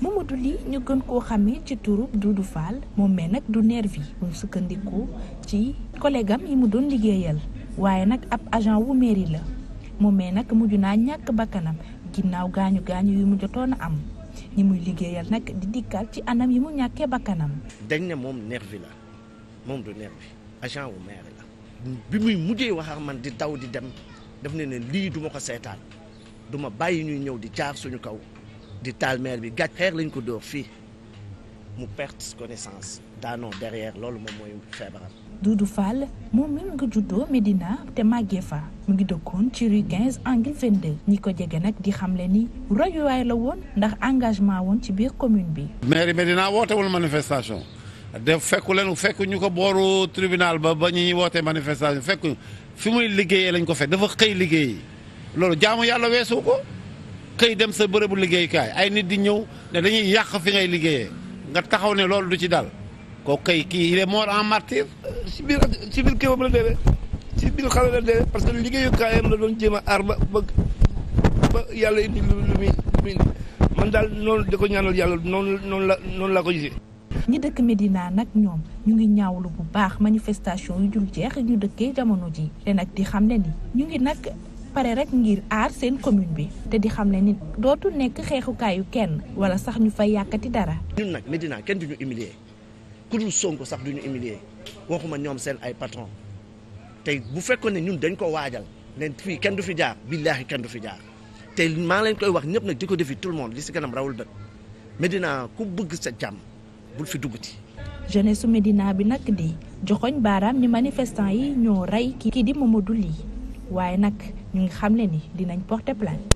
Mamadou Ly ñu gën koo xamee ci turub du Fall moom mee nag du nervi bu sukkandiku ci collègue am yi mu doon liggéeyal waaye nag ab agent wu mairie la moom mee nag mujj naa ñàkk bakkanam ginnaaw gaañu gaañu yi mu jotoon a am ñi muy liggéeyal nag di dikkal ci anam yi mu ñàkkee bakkanam. dañ ne moom nervi la moom du nervi agent wu maire la. bi muy mujjee wax man di daw di dem daf ne ne lii du ma ko seetaan du ma bàyyi ñuy ñëw di jaar suñu kaw. di taal maire bi gàj xeer lañ ko dóor fii mu perte connaissance daanoo derrière loolu moom mooy feebaram. Doudou Fall moom même nga juddoo Medina te màggee fa mu ngi dëkkoon ci rue 15 angle 22 ñi ko jege nag di xamle ni royuwaay la woon ndax engagement woon ci biir commune bi. mairie Medina wootewul manifestation def fekku leen fekk ñu ko booru tribunal ba ba ñuy wootee manifestation fekk fi muy liggéeyee lañ ko fekk dafa xëy liggéeyi loolu jaamu xëy dem sa bërëbu liggéeykaay ay nit di ñëw ne dañuy yàq fi ngay liggéeyee nga taxaw ne loolu du ci dal ko kay kii il est mort en martyr. si biir si biir kéwam la deewee si biir xale la deewee parce que liggéeyukaayam la doon jéem a aar ba ba yàlla indi lu lu muy man daal noonu di ko ñaanal yàlla noonu noonu la noonu laa ko gisee. ñi dëkk Medina nag ñoom ñu ngi ñaawlu bu baax manifestation yu dul jeex ñu dëkkee jamono ji te nag di xam ne ni ñu ngi nag pare rek ngir aar seen commune bi te di xam ne nit dootul nekk xeexukaayu kenn wala sax ñu fay yàkkati dara. ñun nag Medina kenn du ñu humilier ku dul Sonko sax du ñu humilier waxuma ñoom seen ay patron te bu fekkoon ne ñun dañ ko waajal leen fii kenn du fi jaar billaahi kenn du fi jaar tey maa lañ koy wax ñëpp nag di ko defi tout le monde li si kanam rawul dëkk Medina ku bëgg sa jàmm bul fi duggati. jeunesse su Medina bi nag di joxoñ baaraam ñi manifestant yi ñoo rey kii di Mamadou waaye nag ñu ngi xam ne ni dinañ porter plainte